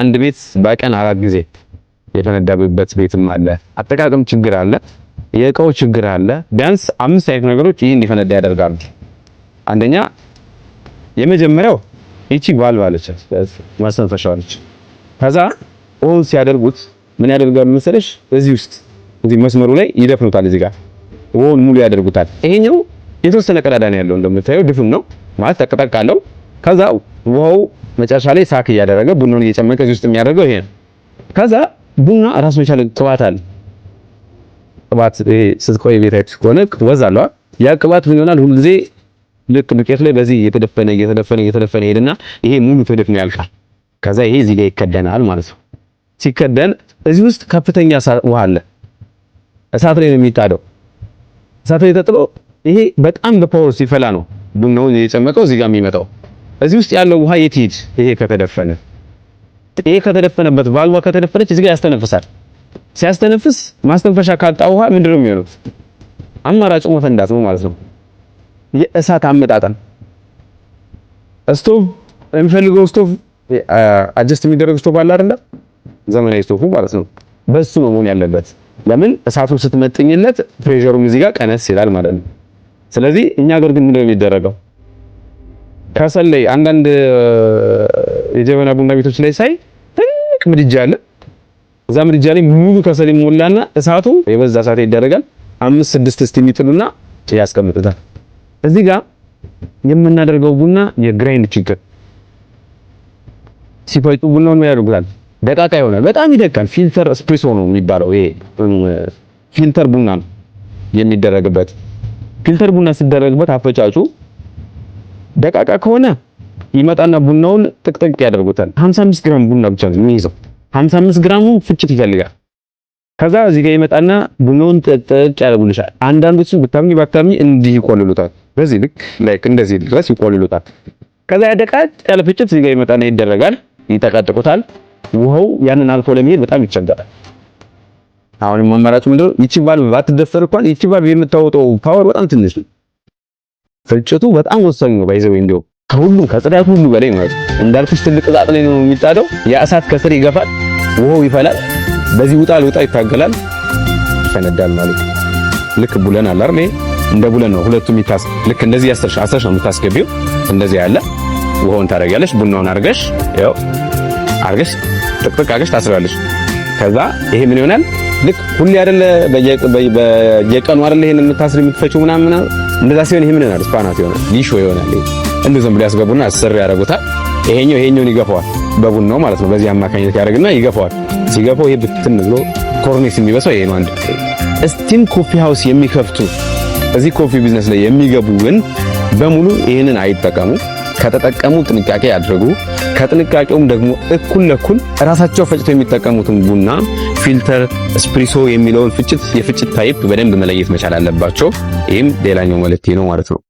አንድ ቤት በቀን አራት ጊዜ የተነዳበት ቤትም አለ። አጠቃቀም ችግር አለ፣ የእቃው ችግር አለ። ቢያንስ አምስት አይነት ነገሮች ይህ እንዲፈነዳ ያደርጋሉ። አንደኛ የመጀመሪያው ይቺ ቫልቭ አለች፣ ማስተንፈሻ አለች። ከዛ ኦን ሲያደርጉት ምን ያደርጋሉ መሰለሽ? እዚህ ውስጥ እዚህ መስመሩ ላይ ይደፍኑታል። እዚህ ጋር ኦን ሙሉ ያደርጉታል። ይሄኛው የተወሰነ ቀዳዳ ነው ያለው፣ እንደምታየው ድፍም ነው ማለት ተቀጣቃ ከዛ ውሃው መጨረሻ ላይ ሳክ እያደረገ ቡናውን እየጨመቀ እዚህ ውስጥ የሚያደርገው ይሄ ነው። ከዛ ቡና ራስ መቻል ቅባት አለ። ቅባት ስትቆይ ቤታችሁ ከሆነ ወዝ ያ ቅባት ምን ይሆናል? ሁሉ ጊዜ ልክ ዱቄት ላይ በዚህ እየተደፈነ እየተደፈነ እየተደፈነ ይሄድና ይሄ ሙሉ ተደፍኖ ያልቃል። ከዛ ይሄ እዚህ ላይ ይከደናል ማለት ነው። ሲከደን እዚህ ውስጥ ከፍተኛ ውሃ አለ። እሳት ላይ ነው የሚጣደው። እሳት ላይ ተጥሎ ይሄ በጣም በፓወር ሲፈላ ነው ቡናውን የጨመቀው እዚህ ጋር የሚመጣው እዚህ ውስጥ ያለው ውሃ የት ይሄድ? ይሄ ከተደፈነ ይሄ ከተደፈነበት ቫልቫ ከተደፈነች እዚህ ጋር ያስተነፍሳል። ሲያስተነፍስ ማስተንፈሻ ካጣ ውሃ ምንድነው የሚሆነው? አማራጩ መፈንዳት ነው ማለት ነው። የእሳት አመጣጠን ስቶቭ የሚፈልገው ስቶቭ አጀስት የሚደረግ ስቶቭ አለ አይደል? ዘመናዊ ስቶቭ ማለት ነው። በሱ ነው መሆን ያለበት። ለምን እሳቱ ስትመጥኝለት ፕሬሸሩም እዚህ ጋር ቀነስ ይላል ማለት ነው። ስለዚህ እኛ ሀገር ግን ነው የሚደረገው ከሰል አንዳንድ የጀበና ቡና ቤቶች ላይ ሳይ ትልቅ ምድጃ አለ። እዛ ምድጃ ላይ ሙሉ ከሰል ይሞላና እሳቱ የበዛ እሳት ይደረጋል። አምስት ስድስት እስቲ ሚጥሉና ያስቀምጡታል። እዚህ ጋር የምናደርገው ቡና የግራይንድ ችግር ሲፈጩ ቡናውን ነው ያደርጉታል። ደቃቃ ይሆናል፣ በጣም ይደቃል። ፊልተር ስፕሪሶ ነው የሚባለው። ይሄ ፊልተር ቡና ነው የሚደረግበት። ፊልተር ቡና ሲደረግበት አፈጫጩ ደቃቃ ከሆነ ይመጣና ቡናውን ጥቅጥቅ ያደርጉታል። 55 ግራም ቡና ብቻ ነው የሚይዘው። 55 ግራሙ ፍጭት ይፈልጋል። ከዛ እዚህ ጋር ይመጣና ቡናውን ጥቅጥቅ ያደርጉልሻል። አንዳንዶችን ብታምኚ ባታምኚ እንዲህ ይቆልሉታል። በዚህ ልክ ላይክ እንደዚህ ድረስ ይቆልሉታል። ከዛ ያደቃጭ ያለ ፍጭት እዚህ ጋር ይመጣና ይደረጋል። ይጠቀጥቁታል። ውሃው ያንን አልፎ ለመሄድ በጣም ይቸገራል። አሁን መመራጭ ምንድነው? ይቺ ባል ባትደፈር እንኳን ይቺ ባል የምታወጣው ፓወር በጣም ትንሽ ነው። ፍልጭቱ በጣም ወሳኝ ነው። ባይዘው እንደው ከሁሉም ከጽዳቱ ሁሉ በላይ ማለት እንዳልኩሽ ትልቅ እሳት ላይ ነው የሚጣደው። ያ እሳት ከስር ይገፋል፣ ውሃው ይፈላል። በዚህ ውጣ ልውጣ ይታገላል፣ ይፈነዳል ማለት ልክ ቡለን አለ አይደል? እንደ ቡለን ነው ሁለቱም ይታስ ልክ እንደዚህ ያሰርሽ አሰርሽ ነው የምታስገቢው። እንደዚህ ያለ ውሃውን ታደርጊያለሽ። ቡናውን አርገሽ ያው አርገሽ ጥቅጥቅ አርገሽ ታስራለሽ። ከዛ ይሄ ምን ይሆናል? ልክ ሁሌ አይደለ በየቀኑ አይደለ ይሄን የምታስሪ የምትፈጪው ምናምን እንደዛ ሲሆን ይሄ ምን ይሆናል? ስፓናት ይሆናል፣ ሊሾ ይሆናል። እንደዛ ብሎ ያስገቡና አስር ያደርጉታል። ይሄኛው ይሄኛውን ይገፋዋል፣ በቡን ነው ማለት ነው። በዚህ አማካኝነት ያደርግና ይገፋዋል። ሲገፋው ይሄ ብትን ብሎ ኮርኔስ የሚበሳው ይሄ ነው። አንድ እስቲም ኮፊ ሃውስ የሚከፍቱ እዚህ ኮፊ ቢዝነስ ላይ የሚገቡ ግን በሙሉ ይህንን አይጠቀሙ። ከተጠቀሙ ጥንቃቄ ያድርጉ። ከጥንቃቄውም ደግሞ እኩል ለኩል ራሳቸው ፈጭተው የሚጠቀሙትን ቡና ፊልተር፣ ስፕሪሶ የሚለውን ፍጭት የፍጭት ታይፕ በደንብ መለየት መቻል አለባቸው። ይህም ሌላኛው መልእክቴ ነው ማለት ነው።